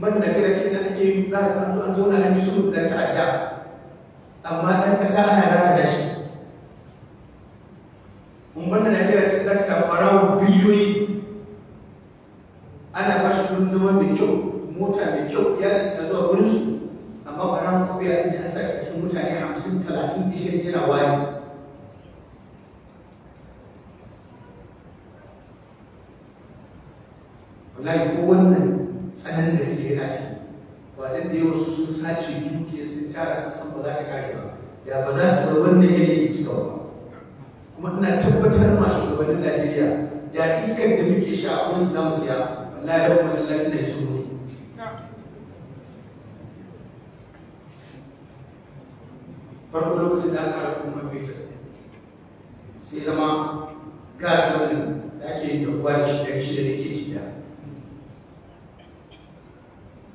ban da jira cikin da ake za a zo an zauna na yi sulhu da ta'adda amma ɗan ƙasa ana rasa da shi Kuma banda najeriya ce za ta samu ɓarawo biliyoyi ana ba shi kudin zama mai kyau mota mai kyau ya da suka zuwa wurin su amma ɓarawo ko ya ji an sa shi cikin mutane hamsin talatin ishirin yana waye wallahi ko wannan tsanan da ke yana ciki da yawa su sun sace dukiya sun tara sun san ba za ta kare ba ya ba za su bar wannan yanayi ci gaba ba kuma ina tabbatar ma shugabannin Najeriya da iskar da muke sha a wurin Islam siya wallahi yawan masallacin da ya so mutu farko lokacin da aka rabu kuma fetur sai zama gas wannan da ake yin da kwari shi da shi da nake ci da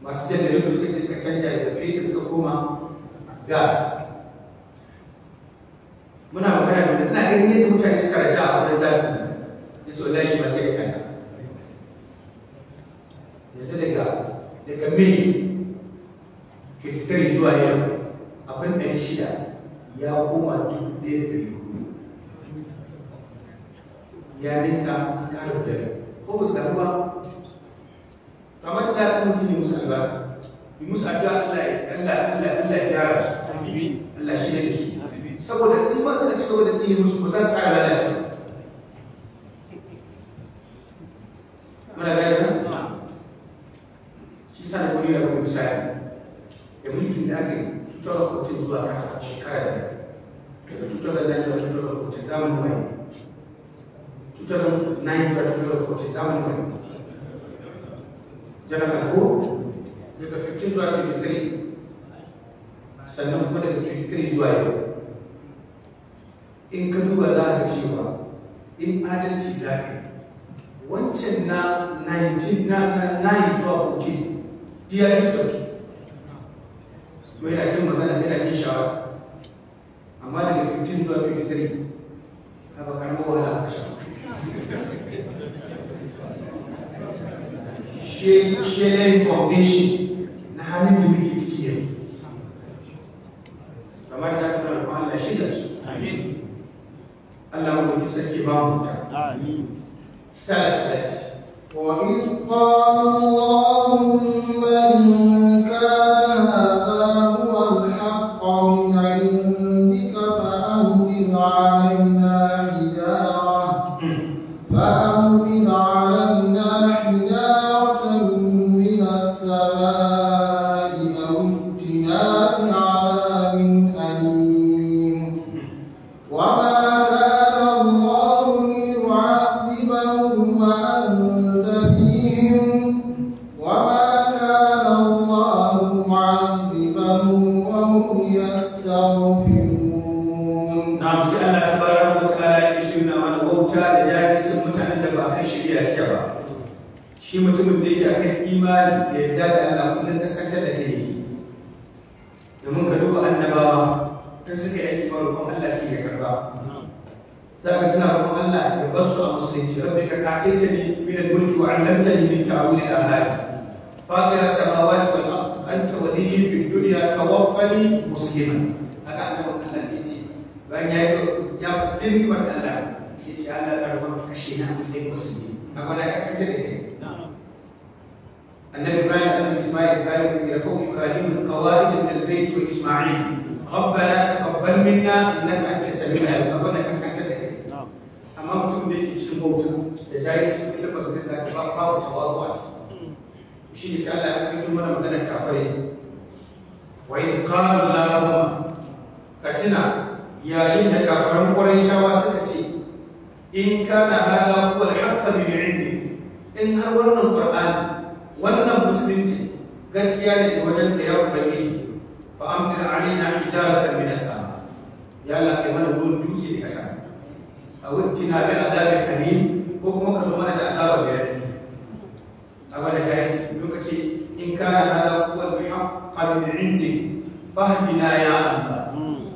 masu janareto da je suka canja daga fetur suka koma gas muna magana da ina ganin yadda mutane suka raja a wurin tashi ya ce wallahi shi ba sai ya tsaya ta daga daga mil 23 zuwa yau abin ɗari shida ya koma dubu ɗaya da ɗari ya ninka ƙarin dare ko ba su ƙaru ba kamar da ɗan mutum ne musu albarka yi musu addu'a Allah ya Allah Allah Allah ya gyara su Allah shi ne da su saboda in ba ka ci gaba da tsine musu ba za su ƙara lalace muna gane ba shi sa da wani da wani misali da mulkin da aka yi 2014 zuwa kasa shekara da daga 2009 zuwa 2014 zamun wani 2009 zuwa 2014 zamun wani jonathan ko daga 15 zuwa 23 sannan kuma daga 23 zuwa yau in ka duba za ka cewa in adalci za ka wancan na 19 na 9 zuwa 14 iya yi sauki mai na cin magana mai na cin shawara amma daga 15 zuwa 23 ta ba karamar wahala a sha shelen foundation na halin da muke ciki yau kamar da kuma da shi da su amin Allah mu sarki ba mu ta amin sai وإذ قال اللهم إن كان هذا imani yadda da Allah kullum da domin ka duba annabawa suka yi aiki Allah suke ya karba za ka suna roƙon Allah ya basu a musulunci rabbi ka kace ta min al-mulki wa 'allamtani min al-ahad النبي ابراهيم ابن اسماعيل ابراهيم يرفع ابراهيم القواعد من البيت واسماعيل ربنا تقبل منا انك انت السميع العليم ربنا كسكنت لك amma mutum da yake cikin bauta da jahilci da ilimin da zaka ba ba wata wawa ce shi ne sai Allah ya kai mana magana kafare wa in qala katina yayin da kafaran quraishawa suka ce in hada huwa al in har wannan qur'ani wannan musulunci gaskiya ne daga wajen da ya ubangiji fa amdir alaina hijaratan min as-sama ya Allah kai mana ruwan dutse da kasa a na bi azabin alim ko kuma ka zo mana da azaba ga yadda a wanda ta yi lokaci in kana hada wal haqqa min indi fahdina ya Allah hmm.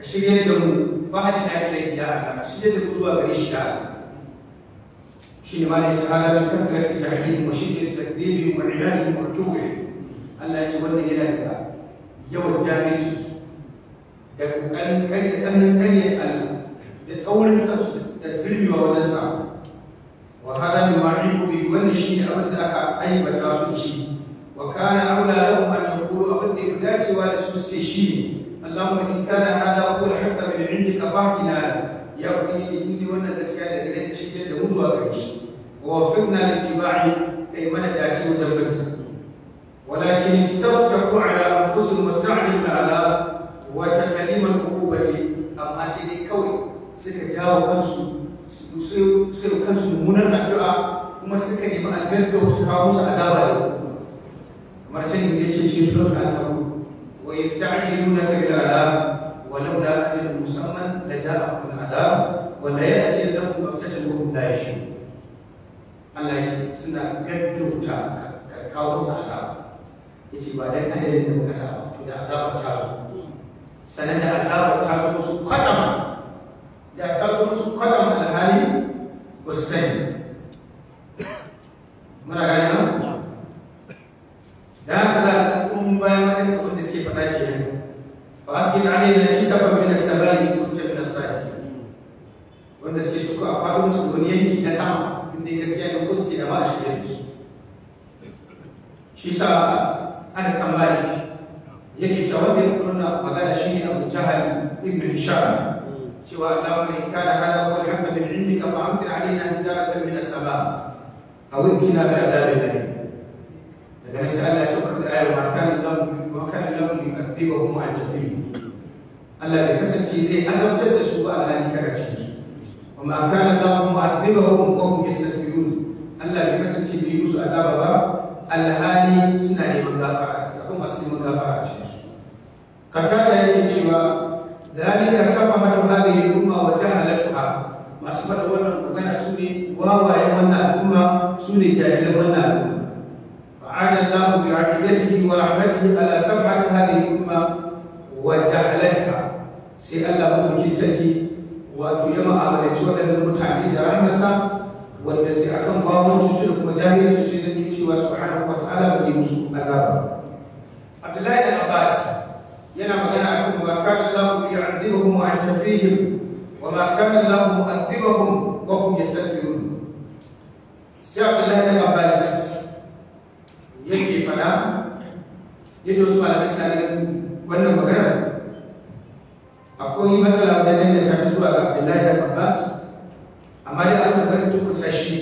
ka shirya da mu fahdina ilayhi ya Allah ka shirya da mu zuwa gare shi ya Allah shi ne ma ya ce hada da kasrati jahilin wa shiddat takdibin wa ibadin wa tuwi Allah ya ce wannan yana daga yawan jahilci da kokarin karya tsanin karya ta Allah da taurin kansu da zirmewa wajen samu wa hada min ma'ibu bi wannan shi ne abin da aka aibata su ci wa kana aula lahum an yaqulu abin da ya dacewa da su ce shi ne Allahumma in kana hada ko da qul haqqan min indika fa'ina ya ubangiji in dai wannan gaskiya da gare ta shige da mutuwa ga shi wa fitna da tibai kai mana dace wajen barci walakin istaftahu ala anfusihim musta'dil ala wa takaliman uqubati amma sai dai kawai suka jawo kansu suka yi kansu munar addu'a kuma suka nemi a gaggauta ta su azaba da kamar can ya ce cikin sunan al'amu wa yasta'jiluna bil ala ولولا أجل مسمى لجاءهم العذاب ولا يأتي لهم بغتة وهم لا يشعرون Allah ya ce suna gaggauta kawo musu azaba ya ce ba dan ajalin da muka saba to da azabar ta zo sanar da azabar ta zo musu kwatam da ta zo musu kwatam alhali ba su muna ba da a bayan da suke faɗa kenan فأسكن علينا نسبا من السماء كنت من الصالحين wanda suke shuka a faɗin musu wani yanki na sama inda gaskiya ne ko su ce da ma a shirya da su shi sa ana tambari yake cewa wanda ya nuna magana shi ne abu jahal ibn hisham cewa allahumma in kana hada wa alhamdu min indika fa amtir alaina hijaratan min sama aw itina daga nan sai Allah ya saukar da wa kana lahu yu'adhibuhum wa tajfihi Allah bai kasance zai azabtar da su ba alhali kana cikin su wa ma kana lahu mu'adhibuhum wa hum yastaghfirun Allah bai kasance bai musu azaba ba alhali suna neman gafara akwai masu neman gafara a cikin su yake cewa ذلك سفهة هذه Masu وجهلتها ما سفهة ولا مكان wawaye wannan يمنى الأمة سوني جاهل wannan الأمة أعان الله بعقيدته ورحمته على سمعة هذه الأمة وجعلتها سي الله مدوكي سلكي وأتيما أمر يتوى أن المتعبي درامسا والنسي أكم باون تشرك وجاهل تشرك تشي وسبحانه وتعالى بلي مسلم أزابا عبد الله بن عباس ينا مغنى أكم ما كان الله يعذبهم وأنت فيهم وما كان الله مؤذبهم وهم يستغفرون سي عبد الله بن عباس yadda wasu malamai suna ganin wannan magana akwai matsala wajen danganta ta zuwa ga Abdullahi da Abbas amma dai abin da ka tuku sashi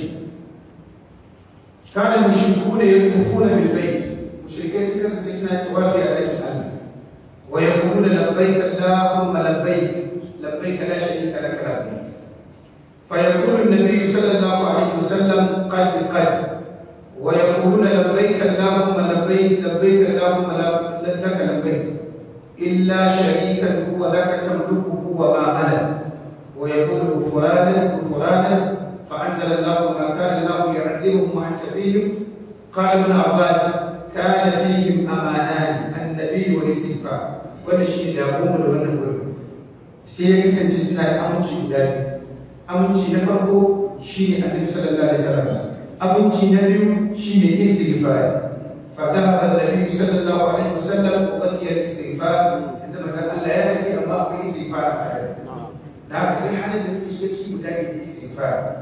kana mushrikuna yatufuna bil bait mushrikai sun kasance suna tawafi a dakin Allah wa yaquluna labbaik allahumma labbaik labbaik la sharika lak labbaik فيقول النبي صلى الله عليه وسلم قد قد ويقولون لبيك اللهم لبيك لبيك اللهم لك لبيك إلا شريكا هو لك تملكه وما أنا ويكون غفرانا غفرانا فأنزل الله ما كان الله يعذبهم وأنت فيهم قال ابن عباس كان فيهم أمانان النبي والاستغفار wanda shi ne damuwa da wannan gurbin sai ya suna da aminci guda biyu aminci na farko shi ne na biyu shi ne فذهب النبي صلى الله عليه وسلم مبكيا الاستغفار عندما كان لا يكفي الله باستغفار اخر. نعم في حال النبي صلى الله عليه وسلم الاستغفار.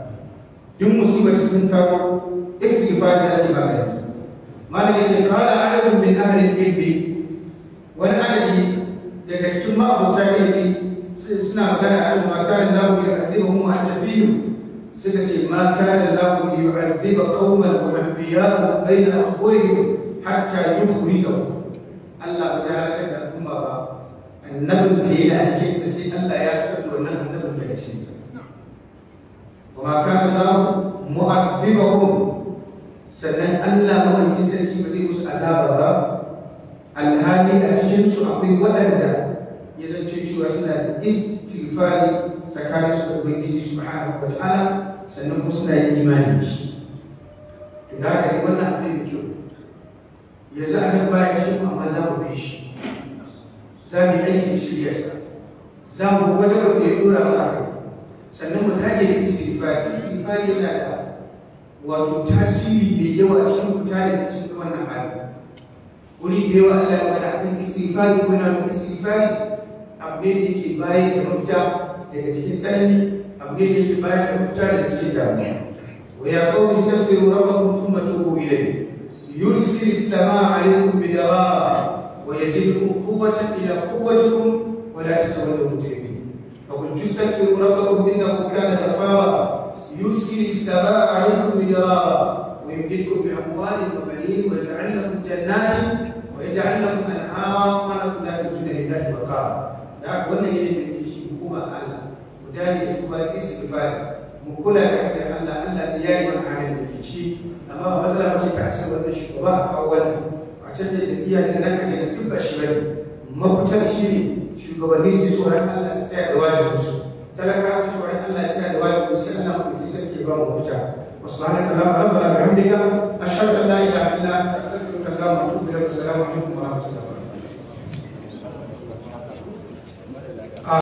جم مصيبه شفتن كاو استغفار لازم ما بعد. ما قال عدد من اهل العلم والعدد يكشف ما ابو تعليم سنا مكان عدد ما كان الله يعذبهم وانت فيهم سنتي ما كان الله ليعذب قوما وانبياء بين اقوالهم hatta yukhrijahu Allah ba sai halakar da al'umma ba annabin ta a cikin ta sai Allah ya fitar da wannan annabin daga cikin ta wa ma Allah mu'azzibahum sannan Allah mawakin sarki ba zai musu azaba ba alhali a cikin su akwai waɗanda ya zance cewa suna da istighfari tsakanin su da ubangiji subhanahu wa ta'ala sannan kuma suna yin imani da shi to da haka wannan abin da kyau yanzu abin baya cikin amma za mu bi shi za mu yi aikin shiryarsa za mu gwada abu ya dora ba a sannan mu tage da istighfar istighfar yana da wato tasiri mai yawa cikin kuta da cikin wannan hali wuri da yawa Allah ya gada akan istighfar ko na istighfar abu ne da yake bayar da mafita daga cikin tsanani abu ne da yake bayar da mafita daga cikin damuwa wa ya qawmi istaghfiru rabbakum thumma tubu ilayhi يرسل السماء عليكم بدرار ويزيدكم قوة إلى قوتكم ولا تتولوا مجرمين فقل تستغفروا ربكم إنه كان غفارا يرسل السماء عليكم بدرار ويمددكم بأموال وبنين ويجعل لكم جنات ويجعل لكم أنهارا وأنكم لا تجدون لله وقارا لكن wannan yana da yake cikin kuma Allah ku dage da tuba istighfar mu kula da Allah Allah amma ba matsala mace ta ce wannan shugaba a kawo wani a canza jam'iyya ne nan a da duk ba shi bane mafitar shi ne shugabanni su ji tsoron Allah su tsaya da wajibinsu talakawa su tsoron Allah su tsaya da wajibinsu sai Allah mu ɗauki sarki ba mu fita mafita وسبحانك اللهم ربنا وبحمدك اشهد ان لا اله الا انت استغفرك اللهم واتوب اليك والسلام عليكم ورحمه الله